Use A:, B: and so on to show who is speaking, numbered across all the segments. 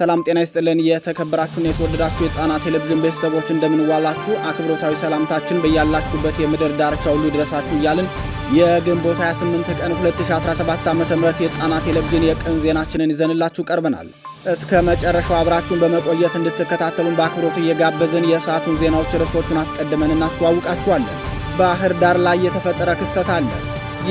A: ሰላም ጤና ይስጥልን። የተከበራችሁና የተወደዳችሁ የጣና ቴሌቪዥን ቤተሰቦች እንደምንዋላችሁ፣ አክብሮታዊ ሰላምታችን በያላችሁበት የምድር ዳርቻ ሁሉ ይድረሳችሁ እያልን የግንቦት 28 ቀን 2017 ዓ ም የጣና ቴሌቪዥን የቀን ዜናችንን ይዘንላችሁ ቀርበናል። እስከ መጨረሻው አብራችሁን በመቆየት እንድትከታተሉን በአክብሮት እየጋበዝን የሰዓቱን ዜናዎች ርዕሶቹን አስቀድመን እናስተዋውቃችኋለን። ባህር ዳር ላይ የተፈጠረ ክስተት አለ።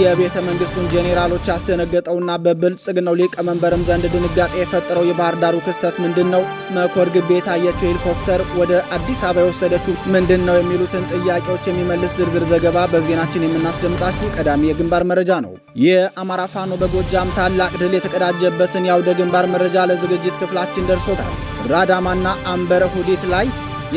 A: የቤተ መንግስቱን ጄኔራሎች ያስደነገጠውና በብልጽግናው ሊቀመንበርም ዘንድ ድንጋጤ የፈጠረው የባህር ዳሩ ክስተት ምንድን ነው? መኮር ግቤ የታየችው ሄሊኮፕተር ወደ አዲስ አበባ የወሰደችው ምንድን ነው? የሚሉትን ጥያቄዎች የሚመልስ ዝርዝር ዘገባ በዜናችን የምናስደምጣችሁ ቀዳሚ የግንባር መረጃ ነው። የአማራ ፋኖ በጎጃም ታላቅ ድል የተቀዳጀበትን የአውደ ግንባር መረጃ ለዝግጅት ክፍላችን ደርሶታል። ራዳማና አንበረ ሁዲት ላይ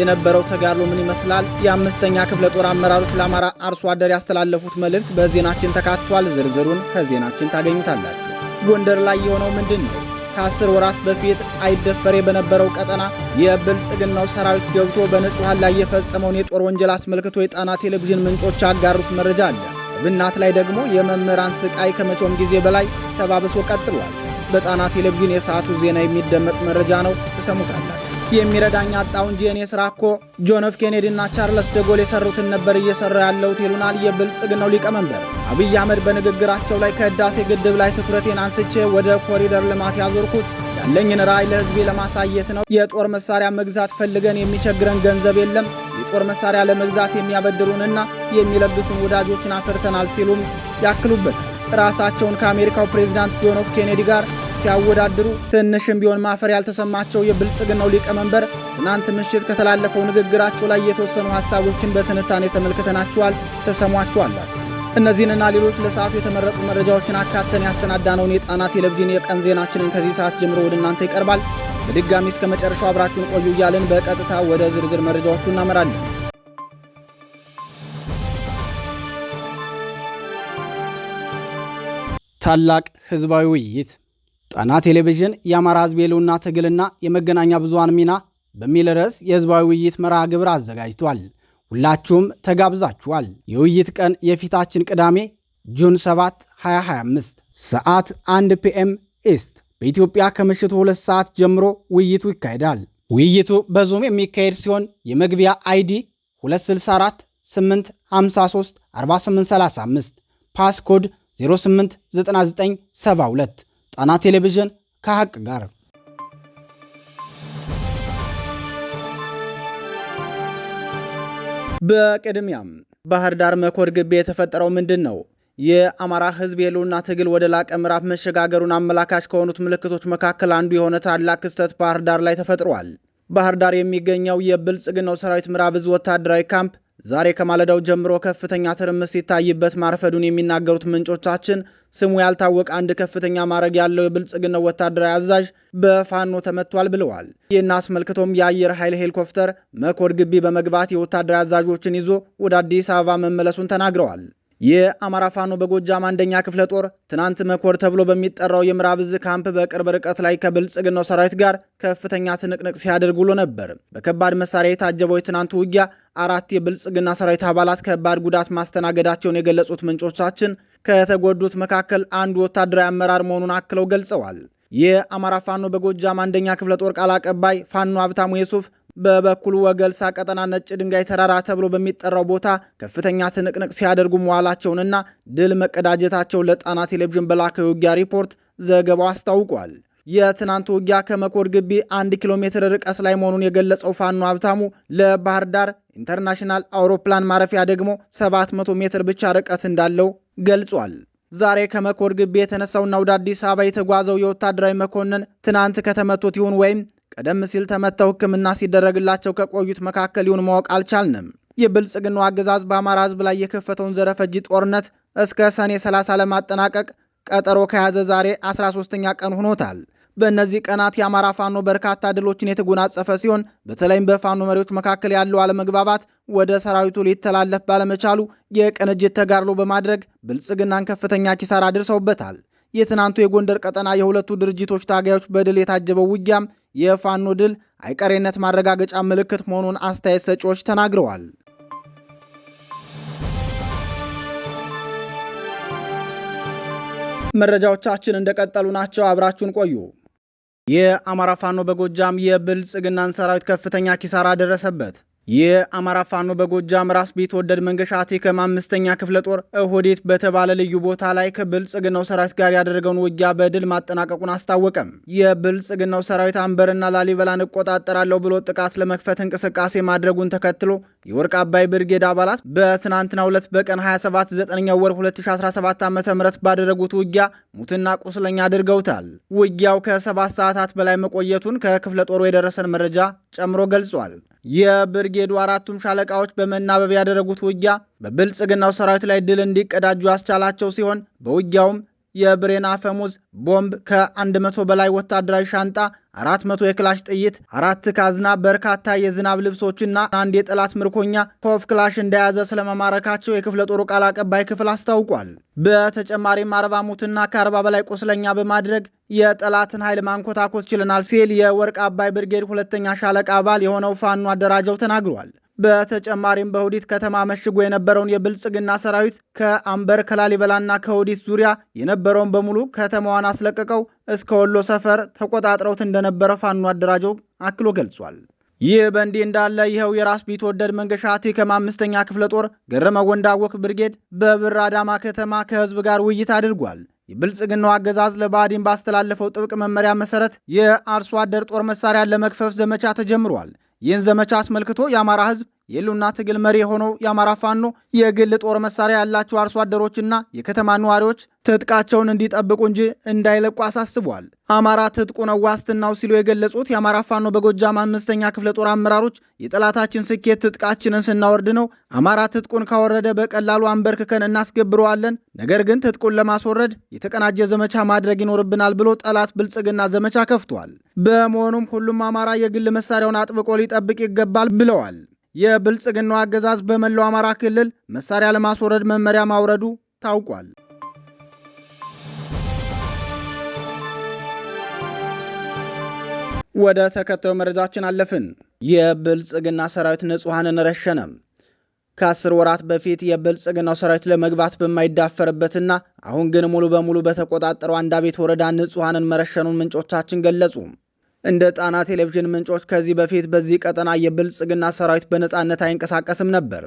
A: የነበረው ተጋድሎ ምን ይመስላል? የአምስተኛ ክፍለ ጦር አመራሮች ለአማራ አርሶ አደር ያስተላለፉት መልእክት በዜናችን ተካትቷል። ዝርዝሩን ከዜናችን ታገኙታላችሁ። ጎንደር ላይ የሆነው ምንድን ነው? ከአስር ወራት በፊት አይደፈሬ በነበረው ቀጠና የብልጽግናው ሰራዊት ገብቶ በንጹሐን ላይ የፈጸመውን የጦር ወንጀል አስመልክቶ የጣና ቴሌቪዥን ምንጮች ያጋሩት መረጃ አለ። ብናት ላይ ደግሞ የመምህራን ስቃይ ከመቼውም ጊዜ በላይ ተባብሶ ቀጥሏል። በጣና ቴሌቪዥን የሰዓቱ ዜና የሚደመጥ መረጃ ነው። ተሰሙታላችሁ። የሚረዳኝ አጣው እንጂ የኔ ስራ እኮ ጆን ኤፍ ኬኔዲ እና ቻርለስ ደጎል የሰሩትን ነበር እየሰራ ያለሁት ይሉናል የብልጽግናው ሊቀመንበር አብይ አህመድ በንግግራቸው ላይ ከህዳሴ ግድብ ላይ ትኩረቴን አንስቼ ወደ ኮሪደር ልማት ያዞርኩት ያለኝን ራዕይ ለህዝቤ ለማሳየት ነው። የጦር መሳሪያ መግዛት ፈልገን የሚቸግረን ገንዘብ የለም፣ የጦር መሳሪያ ለመግዛት የሚያበድሩንና የሚለግሱን ወዳጆችን አፍርተናል ሲሉም ያክሉበታል። ራሳቸውን ከአሜሪካው ፕሬዚዳንት ጆን ኤፍ ኬኔዲ ጋር ሲያወዳድሩ ትንሽም ቢሆን ማፈር ያልተሰማቸው የብልጽግናው ሊቀመንበር ትናንት ምሽት ከተላለፈው ንግግራቸው ላይ የተወሰኑ ሀሳቦችን በትንታኔ ተመልክተናችኋል። ተሰሟችኋላችሁ። እነዚህንና ሌሎች ለሰዓቱ የተመረጡ መረጃዎችን አካተን ያሰናዳነውን የጣና ቴሌቪዥን የቀን ዜናችንን ከዚህ ሰዓት ጀምሮ ወደ እናንተ ይቀርባል። በድጋሚ እስከ መጨረሻው አብራችሁን ቆዩ እያልን በቀጥታ ወደ ዝርዝር መረጃዎቹ እናመራለን። ታላቅ ህዝባዊ ውይይት ጣና ቴሌቪዥን የአማራ ህዝብ የህልውና ትግልና የመገናኛ ብዙሃን ሚና በሚል ርዕስ የህዝባዊ ውይይት መርሃ ግብር አዘጋጅቷል። ሁላችሁም ተጋብዛችኋል። የውይይት ቀን የፊታችን ቅዳሜ ጁን 7 2025 ሰዓት 1 ፒኤም ኢስት በኢትዮጵያ ከምሽቱ ሁለት ሰዓት ጀምሮ ውይይቱ ይካሄዳል። ውይይቱ በዙም የሚካሄድ ሲሆን የመግቢያ አይዲ 264 853 4835 ፓስኮድ 089972 ጣና ቴሌቪዥን ከሐቅ ጋር በቅድሚያም ባህር ዳር መኮር ግቢ የተፈጠረው ምንድን ነው? የአማራ ሕዝብ የህልውና ትግል ወደ ላቀ ምዕራፍ መሸጋገሩን አመላካች ከሆኑት ምልክቶች መካከል አንዱ የሆነ ታላቅ ክስተት ባህር ዳር ላይ ተፈጥሯል። ባህር ዳር የሚገኘው የብልጽግናው ሰራዊት ምዕራብ እዝ ወታደራዊ ካምፕ ዛሬ ከማለዳው ጀምሮ ከፍተኛ ትርምስ ሲታይበት ማርፈዱን የሚናገሩት ምንጮቻችን ስሙ ያልታወቀ አንድ ከፍተኛ ማዕረግ ያለው የብልጽግና ወታደራዊ አዛዥ በፋኖ ተመቷል ብለዋል። ይህን አስመልክቶም የአየር ኃይል ሄሊኮፕተር መኮድ ግቢ በመግባት የወታደራዊ አዛዦችን ይዞ ወደ አዲስ አበባ መመለሱን ተናግረዋል። የአማራ ፋኖ በጎጃም አንደኛ ክፍለ ጦር ትናንት መኮር ተብሎ በሚጠራው የምዕራብ እዝ ካምፕ በቅርብ ርቀት ላይ ከብልጽግናው ሰራዊት ጋር ከፍተኛ ትንቅንቅ ሲያደርግ ውሎ ነበር። በከባድ መሳሪያ የታጀበው የትናንቱ ውጊያ አራት የብልጽግና ሰራዊት አባላት ከባድ ጉዳት ማስተናገዳቸውን የገለጹት ምንጮቻችን ከተጎዱት መካከል አንዱ ወታደራዊ አመራር መሆኑን አክለው ገልጸዋል። የአማራ ፋኖ በጎጃም አንደኛ ክፍለ ጦር ቃል አቀባይ ፋኖ ሀብታሙ የሱፍ በበኩሉ ወገልሳ ቀጠና ነጭ ድንጋይ ተራራ ተብሎ በሚጠራው ቦታ ከፍተኛ ትንቅንቅ ሲያደርጉ መዋላቸውንና ድል መቀዳጀታቸውን ለጣና ቴሌቪዥን በላከው ውጊያ ሪፖርት ዘገባው አስታውቋል። የትናንቱ ውጊያ ከመኮድ ግቢ አንድ ኪሎ ሜትር ርቀት ላይ መሆኑን የገለጸው ፋኖ ሀብታሙ ለባህር ዳር ኢንተርናሽናል አውሮፕላን ማረፊያ ደግሞ 700 ሜትር ብቻ ርቀት እንዳለው ገልጿል። ዛሬ ከመኮድ ግቢ የተነሳውና ወደ አዲስ አበባ የተጓዘው የወታደራዊ መኮንን ትናንት ከተመቱት ይሁን ወይም ቀደም ሲል ተመተው ሕክምና ሲደረግላቸው ከቆዩት መካከል ይሁን ማወቅ አልቻልንም። የብልጽግናው አገዛዝ በአማራ ህዝብ ላይ የከፈተውን ዘረፈጅ ጦርነት እስከ ሰኔ 30 ለማጠናቀቅ ቀጠሮ ከያዘ ዛሬ 13ኛ ቀን ሆኖታል። በእነዚህ ቀናት የአማራ ፋኖ በርካታ ድሎችን የተጎናጸፈ ሲሆን በተለይም በፋኖ መሪዎች መካከል ያለው አለመግባባት ወደ ሰራዊቱ ሊተላለፍ ባለመቻሉ የቅንጅት ተጋድሎ በማድረግ ብልጽግናን ከፍተኛ ኪሳራ አድርሰውበታል። የትናንቱ የጎንደር ቀጠና የሁለቱ ድርጅቶች ታጋዮች በድል የታጀበው ውጊያም የፋኖ ድል አይቀሬነት ማረጋገጫ ምልክት መሆኑን አስተያየት ሰጪዎች ተናግረዋል። መረጃዎቻችን እንደቀጠሉ ናቸው። አብራችሁን ቆዩ። የአማራ ፋኖ በጎጃም የብልጽግናን ሰራዊት ከፍተኛ ኪሳራ ደረሰበት። የአማራ ፋኖ በጎጃም ራስ ቢትወደድ መንገሻ ቴከም አምስተኛ ክፍለ ጦር እሁዴት በተባለ ልዩ ቦታ ላይ ከብልጽግናው ሰራዊት ጋር ያደረገውን ውጊያ በድል ማጠናቀቁን አስታወቀም። የብልጽግናው ሰራዊት አንበርና ላሊበላን እቆጣጠራለሁ ብሎ ጥቃት ለመክፈት እንቅስቃሴ ማድረጉን ተከትሎ የወርቅ አባይ ብርጌድ አባላት በትናንትና 2 በቀን 27 9 ወር 2017 ዓ ም ባደረጉት ውጊያ ሙትና ቁስለኛ አድርገውታል። ውጊያው ከሰባት ሰዓታት በላይ መቆየቱን ከክፍለ ጦሩ የደረሰን መረጃ ጨምሮ ገልጿል። የብርጌዱ አራቱም ሻለቃዎች በመናበብ ያደረጉት ውጊያ በብልጽግናው ሰራዊት ላይ ድል እንዲቀዳጁ ያስቻላቸው ሲሆን በውጊያውም የብሬን አፈሙዝ ቦምብ፣ ከ100 በላይ ወታደራዊ ሻንጣ፣ 400 የክላሽ ጥይት፣ አራት ካዝና፣ በርካታ የዝናብ ልብሶችና አንድ የጠላት ምርኮኛ ኮፍ ክላሽ እንደያዘ ስለመማረካቸው የክፍለ ጦሩ ቃል አቀባይ ክፍል አስታውቋል። በተጨማሪም አርባ ሙትና ከአርባ በላይ ቁስለኛ በማድረግ የጠላትን ኃይል ማንኮታኮስ ችለናል ሲል የወርቅ አባይ ብርጌድ ሁለተኛ ሻለቃ አባል የሆነው ፋኖ አደራጀው ተናግሯል። በተጨማሪም በሁዲት ከተማ መሽጎ የነበረውን የብልጽግና ሰራዊት ከአምበር ከላሊበላና ከሁዲት ዙሪያ የነበረውን በሙሉ ከተማዋን አስለቅቀው እስከ ወሎ ሰፈር ተቆጣጥረውት እንደነበረ ፋኖ አደራጀው አክሎ ገልጿል። ይህ በእንዲህ እንዳለ ይኸው የራስ ቢትወደድ መንገሻ ቴከም አምስተኛ ክፍለ ጦር ገረመ ወንዳወክ ብርጌድ በብር አዳማ ከተማ ከህዝብ ጋር ውይይት አድርጓል። የብልጽግናው አገዛዝ ለባዕዲን ባስተላለፈው ጥብቅ መመሪያ መሰረት የአርሶ አደር ጦር መሳሪያን ለመክፈፍ ዘመቻ ተጀምሯል። ይህን ዘመቻ አስመልክቶ የአማራ ህዝብ የሉና ትግል መሪ የሆነው የአማራ ፋኖ የግል ጦር መሳሪያ ያላቸው አርሶ አደሮችና የከተማ ነዋሪዎች ትጥቃቸውን እንዲጠብቁ እንጂ እንዳይለቁ አሳስቧል። አማራ ትጥቁ ነው ዋስትናው ሲሉ የገለጹት የአማራ ፋኖ በጎጃም አምስተኛ ክፍለ ጦር አመራሮች የጠላታችን ስኬት ትጥቃችንን ስናወርድ ነው። አማራ ትጥቁን ካወረደ በቀላሉ አንበርክከን እናስገብረዋለን። ነገር ግን ትጥቁን ለማስወረድ የተቀናጀ ዘመቻ ማድረግ ይኖርብናል ብሎ ጠላት ብልጽግና ዘመቻ ከፍቷል። በመሆኑም ሁሉም አማራ የግል መሳሪያውን አጥብቆ ሊጠብቅ ይገባል ብለዋል። የብልጽግናው አገዛዝ በመላው አማራ ክልል መሳሪያ ለማስወረድ መመሪያ ማውረዱ ታውቋል። ወደ ተከታዩ መረጃችን አለፍን። የብልጽግና ሰራዊት ንጹሐንን ረሸነም። ከአስር ወራት በፊት የብልጽግናው ሰራዊት ለመግባት በማይዳፈርበትና አሁን ግን ሙሉ በሙሉ በተቆጣጠረው አንዳቤት ወረዳ ንጹሐንን መረሸኑን ምንጮቻችን ገለጹ። እንደ ጣና ቴሌቪዥን ምንጮች ከዚህ በፊት በዚህ ቀጠና የብልጽግና ሰራዊት በነፃነት አይንቀሳቀስም ነበር።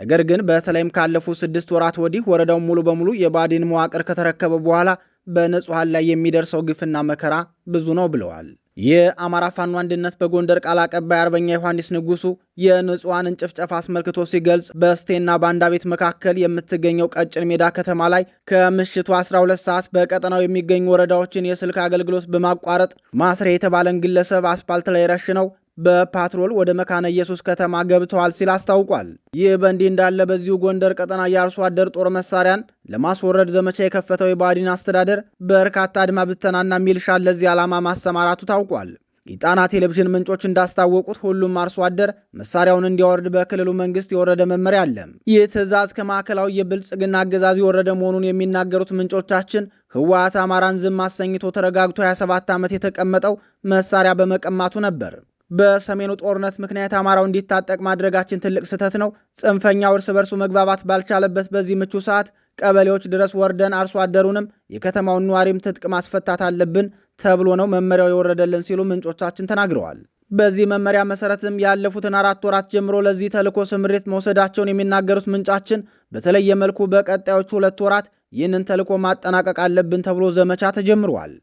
A: ነገር ግን በተለይም ካለፉት ስድስት ወራት ወዲህ ወረዳው ሙሉ በሙሉ የባዲን መዋቅር ከተረከበ በኋላ በንጹሐን ላይ የሚደርሰው ግፍና መከራ ብዙ ነው ብለዋል። የአማራ ፋኖ አንድነት በጎንደር ቃል አቀባይ አርበኛ ዮሐንስ ንጉሱ የንጹሐንን ጭፍጨፋ አስመልክቶ ሲገልጽ በስቴና ባንዳ ቤት መካከል የምትገኘው ቀጭን ሜዳ ከተማ ላይ ከምሽቱ 12 ሰዓት በቀጠናው የሚገኙ ወረዳዎችን የስልክ አገልግሎት በማቋረጥ ማስሬ የተባለን ግለሰብ አስፓልት ላይ ረሽነው በፓትሮል ወደ መካነ ኢየሱስ ከተማ ገብተዋል ሲል አስታውቋል። ይህ በእንዲህ እንዳለ በዚሁ ጎንደር ቀጠና የአርሶ አደር ጦር መሳሪያን ለማስወረድ ዘመቻ የከፈተው የባዲን አስተዳደር በርካታ አድማ ብተናና ሚልሻ ለዚህ ዓላማ ማሰማራቱ ታውቋል። የጣና ቴሌቪዥን ምንጮች እንዳስታወቁት ሁሉም አርሶ አደር መሳሪያውን እንዲያወርድ በክልሉ መንግስት የወረደ መመሪያ አለ። ይህ ትዕዛዝ ከማዕከላዊ የብልጽግና አገዛዝ የወረደ መሆኑን የሚናገሩት ምንጮቻችን ህወሓት አማራን ዝም አሰኝቶ ተረጋግቶ 27 ዓመት የተቀመጠው መሳሪያ በመቀማቱ ነበር። በሰሜኑ ጦርነት ምክንያት አማራው እንዲታጠቅ ማድረጋችን ትልቅ ስህተት ነው። ጽንፈኛው እርስ በርሱ መግባባት ባልቻለበት በዚህ ምቹ ሰዓት ቀበሌዎች ድረስ ወርደን አርሶ አደሩንም የከተማውን ነዋሪም ትጥቅ ማስፈታት አለብን ተብሎ ነው መመሪያው የወረደልን ሲሉ ምንጮቻችን ተናግረዋል። በዚህ መመሪያ መሰረትም ያለፉትን አራት ወራት ጀምሮ ለዚህ ተልዕኮ ስምሪት መውሰዳቸውን የሚናገሩት ምንጫችን በተለየ መልኩ በቀጣዮቹ ሁለት ወራት ይህንን ተልዕኮ ማጠናቀቅ አለብን ተብሎ ዘመቻ ተጀምሯል።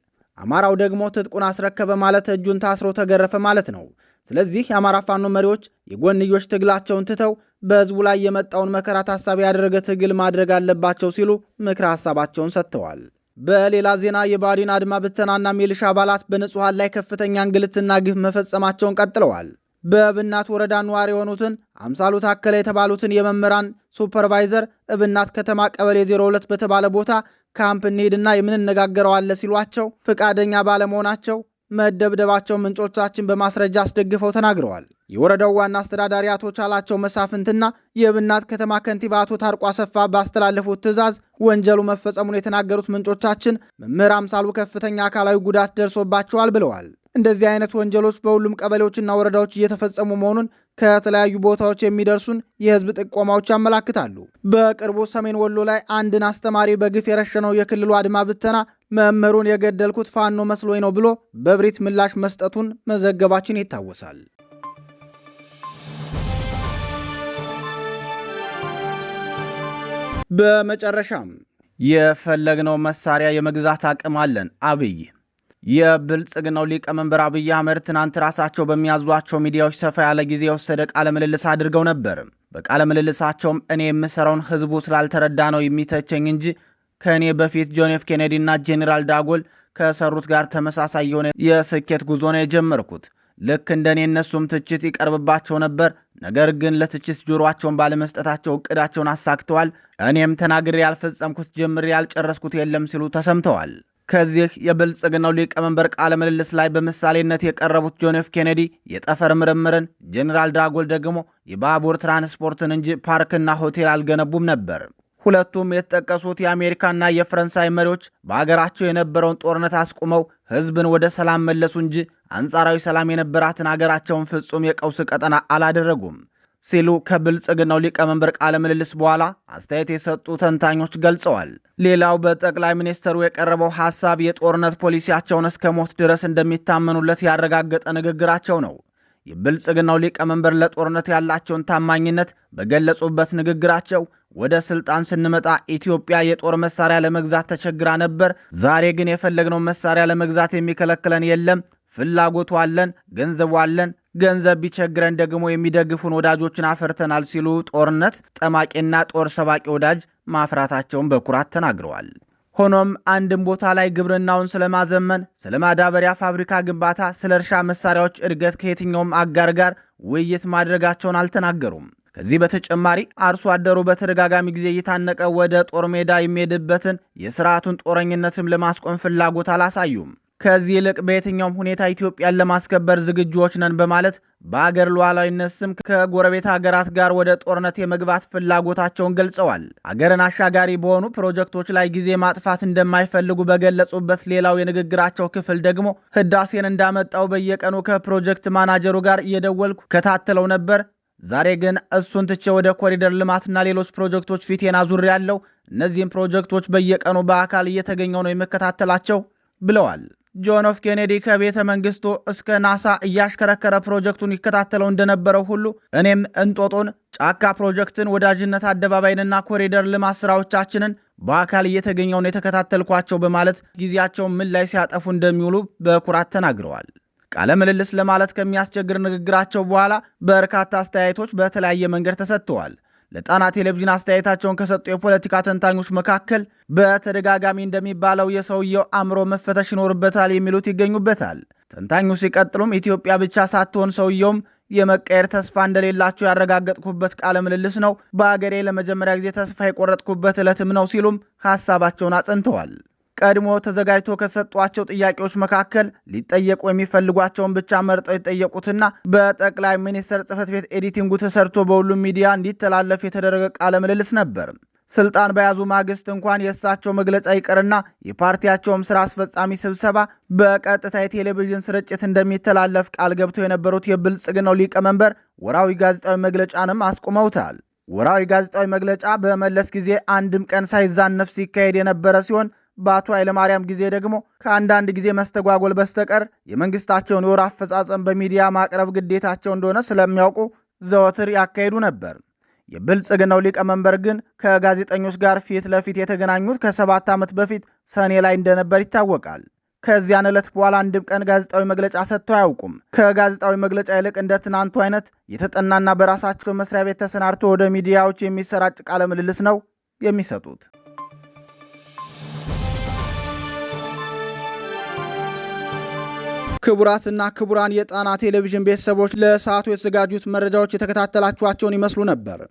A: አማራው ደግሞ ትጥቁን አስረከበ ማለት እጁን ታስሮ ተገረፈ ማለት ነው። ስለዚህ የአማራ ፋኖ መሪዎች የጎንዮሽ ትግላቸውን ትተው በህዝቡ ላይ የመጣውን መከራ ታሳቢ ያደረገ ትግል ማድረግ አለባቸው ሲሉ ምክረ ሀሳባቸውን ሰጥተዋል። በሌላ ዜና የባዲን አድማ ብተናና ሚሊሻ አባላት በንጹሐን ላይ ከፍተኛ እንግልትና ግፍ መፈጸማቸውን ቀጥለዋል። በእብናት ወረዳ ነዋሪ የሆኑትን አምሳሉ ታከለ የተባሉትን የመምህራን ሱፐርቫይዘር እብናት ከተማ ቀበሌ 02 በተባለ ቦታ ካምፕ እንሄድና የምንነጋገረው አለ ሲሏቸው ፍቃደኛ ባለመሆናቸው መደብደባቸው ምንጮቻችን በማስረጃ አስደግፈው ተናግረዋል። የወረዳው ዋና አስተዳዳሪ አቶ ቻላቸው መሳፍንትና የብናት ከተማ ከንቲባ አቶ ታርቆ አሰፋ ባስተላለፉት ትዕዛዝ ወንጀሉ መፈጸሙን የተናገሩት ምንጮቻችን መምህር አምሳሉ ከፍተኛ አካላዊ ጉዳት ደርሶባቸዋል ብለዋል። እንደዚህ አይነት ወንጀሎች በሁሉም ቀበሌዎችና ወረዳዎች እየተፈጸሙ መሆኑን ከተለያዩ ቦታዎች የሚደርሱን የህዝብ ጥቆማዎች ያመላክታሉ። በቅርቡ ሰሜን ወሎ ላይ አንድን አስተማሪ በግፍ የረሸነው የክልሉ አድማ ብተና መምህሩን የገደልኩት ፋኖ መስሎኝ ነው ብሎ በብሪት ምላሽ መስጠቱን መዘገባችን ይታወሳል። በመጨረሻም የፈለግነው መሳሪያ የመግዛት አቅም አለን አብይ የብልጽግናው ሊቀመንበር አብይ አህመድ ትናንት ራሳቸው በሚያዟቸው ሚዲያዎች ሰፋ ያለ ጊዜ የወሰደ ቃለ ምልልስ አድርገው ነበር። በቃለ ምልልሳቸውም እኔ የምሰራውን ህዝቡ ስላልተረዳ ነው የሚተቸኝ እንጂ ከእኔ በፊት ጆን ኤፍ ኬኔዲ እና ጄኔራል ዳጎል ከሰሩት ጋር ተመሳሳይ የሆነ የስኬት ጉዞ ነው የጀመርኩት። ልክ እንደኔ እነሱም ትችት ይቀርብባቸው ነበር። ነገር ግን ለትችት ጆሮአቸውን ባለመስጠታቸው እቅዳቸውን አሳክተዋል። እኔም ተናግሬ ያልፈጸምኩት ጀምሬ ያልጨረስኩት የለም ሲሉ ተሰምተዋል። ከዚህ የብልጽግናው ሊቀመንበር ቃለ ምልልስ ላይ በምሳሌነት የቀረቡት ጆን ኤፍ ኬኔዲ የጠፈር ምርምርን፣ ጄኔራል ድራጎል ደግሞ የባቡር ትራንስፖርትን እንጂ ፓርክና ሆቴል አልገነቡም ነበር። ሁለቱም የተጠቀሱት የአሜሪካና የፈረንሳይ መሪዎች በሀገራቸው የነበረውን ጦርነት አስቁመው ሕዝብን ወደ ሰላም መለሱ እንጂ አንጻራዊ ሰላም የነበራትን አገራቸውን ፍጹም የቀውስ ቀጠና አላደረጉም። ሲሉ ከብልጽግናው ሊቀመንበር ቃለ ምልልስ በኋላ አስተያየት የሰጡ ተንታኞች ገልጸዋል። ሌላው በጠቅላይ ሚኒስትሩ የቀረበው ሀሳብ የጦርነት ፖሊሲያቸውን እስከ ሞት ድረስ እንደሚታመኑለት ያረጋገጠ ንግግራቸው ነው። የብልጽግናው ሊቀመንበር ለጦርነት ያላቸውን ታማኝነት በገለጹበት ንግግራቸው ወደ ስልጣን ስንመጣ ኢትዮጵያ የጦር መሳሪያ ለመግዛት ተቸግራ ነበር። ዛሬ ግን የፈለግነው መሳሪያ ለመግዛት የሚከለክለን የለም። ፍላጎቱ አለን፣ ገንዘቡ አለን፣ ገንዘብ ቢቸግረን ደግሞ የሚደግፉን ወዳጆችን አፈርተናል ሲሉ ጦርነት ጠማቂና ጦር ሰባቂ ወዳጅ ማፍራታቸውን በኩራት ተናግረዋል። ሆኖም አንድም ቦታ ላይ ግብርናውን ስለማዘመን፣ ስለ ማዳበሪያ ፋብሪካ ግንባታ፣ ስለ እርሻ መሳሪያዎች እድገት ከየትኛውም አጋር ጋር ውይይት ማድረጋቸውን አልተናገሩም። ከዚህ በተጨማሪ አርሶ አደሩ በተደጋጋሚ ጊዜ እየታነቀ ወደ ጦር ሜዳ የሚሄድበትን የስርዓቱን ጦረኝነትም ለማስቆም ፍላጎት አላሳዩም። ከዚህ ይልቅ በየትኛውም ሁኔታ ኢትዮጵያን ለማስከበር ዝግጁዎች ነን በማለት በአገር ሉዓላዊነት ስም ከጎረቤት ሀገራት ጋር ወደ ጦርነት የመግባት ፍላጎታቸውን ገልጸዋል። አገርን አሻጋሪ በሆኑ ፕሮጀክቶች ላይ ጊዜ ማጥፋት እንደማይፈልጉ በገለጹበት ሌላው የንግግራቸው ክፍል ደግሞ ህዳሴን እንዳመጣው በየቀኑ ከፕሮጀክት ማናጀሩ ጋር እየደወልኩ ከታተለው ነበር። ዛሬ ግን እሱን ትቼ ወደ ኮሪደር ልማትና ሌሎች ፕሮጀክቶች ፊቴን አዙር ያለው እነዚህም ፕሮጀክቶች በየቀኑ በአካል እየተገኘው ነው የመከታተላቸው ብለዋል። ጆን ኤፍ ኬኔዲ ከቤተ መንግስቱ እስከ ናሳ እያሽከረከረ ፕሮጀክቱን ይከታተለው እንደነበረው ሁሉ እኔም እንጦጦን ጫካ ፕሮጀክትን፣ ወዳጅነት አደባባይንና ኮሪደር ልማት ስራዎቻችንን በአካል እየተገኘውን የተከታተልኳቸው በማለት ጊዜያቸው ምን ላይ ሲያጠፉ እንደሚውሉ በኩራት ተናግረዋል። ቃለ ምልልስ ለማለት ከሚያስቸግር ንግግራቸው በኋላ በርካታ አስተያየቶች በተለያየ መንገድ ተሰጥተዋል። ለጣና ቴሌቪዥን አስተያየታቸውን ከሰጡ የፖለቲካ ተንታኞች መካከል በተደጋጋሚ እንደሚባለው የሰውየው አእምሮ መፈተሽ ይኖርበታል የሚሉት ይገኙበታል። ተንታኙ ሲቀጥሉም ኢትዮጵያ ብቻ ሳትሆን ሰውየውም የመቀየር ተስፋ እንደሌላቸው ያረጋገጥኩበት ቃለ ምልልስ ነው። በአገሬ ለመጀመሪያ ጊዜ ተስፋ የቆረጥኩበት ዕለትም ነው ሲሉም ሀሳባቸውን አጽንተዋል። ቀድሞ ተዘጋጅቶ ከሰጧቸው ጥያቄዎች መካከል ሊጠየቁ የሚፈልጓቸውን ብቻ መርጠው የጠየቁትና በጠቅላይ ሚኒስትር ጽህፈት ቤት ኤዲቲንጉ ተሰርቶ በሁሉም ሚዲያ እንዲተላለፍ የተደረገ ቃለ ምልልስ ነበር። ስልጣን በያዙ ማግስት እንኳን የእሳቸው መግለጫ ይቅርና የፓርቲያቸውም ስራ አስፈጻሚ ስብሰባ በቀጥታ የቴሌቪዥን ስርጭት እንደሚተላለፍ ቃል ገብተው የነበሩት የብልጽግናው ሊቀመንበር ወራዊ ጋዜጣዊ መግለጫንም አስቁመውታል። ወራዊ ጋዜጣዊ መግለጫ በመለስ ጊዜ አንድም ቀን ሳይዛነፍ ሲካሄድ የነበረ ሲሆን በአቶ ኃይለማርያም ጊዜ ደግሞ ከአንዳንድ ጊዜ መስተጓጎል በስተቀር የመንግስታቸውን የወር አፈጻጸም በሚዲያ ማቅረብ ግዴታቸው እንደሆነ ስለሚያውቁ ዘወትር ያካሂዱ ነበር። የብልጽግናው ሊቀመንበር ግን ከጋዜጠኞች ጋር ፊት ለፊት የተገናኙት ከሰባት ዓመት በፊት ሰኔ ላይ እንደነበር ይታወቃል። ከዚያን ዕለት በኋላ አንድም ቀን ጋዜጣዊ መግለጫ ሰጥተው አያውቁም። ከጋዜጣዊ መግለጫ ይልቅ እንደ ትናንቱ አይነት የተጠናና በራሳቸው መስሪያ ቤት ተሰናድቶ ወደ ሚዲያዎች የሚሰራጭ ቃለ ምልልስ ነው የሚሰጡት። ክቡራትና ክቡራን የጣና ቴሌቪዥን ቤተሰቦች ለሰዓቱ የተዘጋጁት መረጃዎች የተከታተላችኋቸውን ይመስሉ ነበር።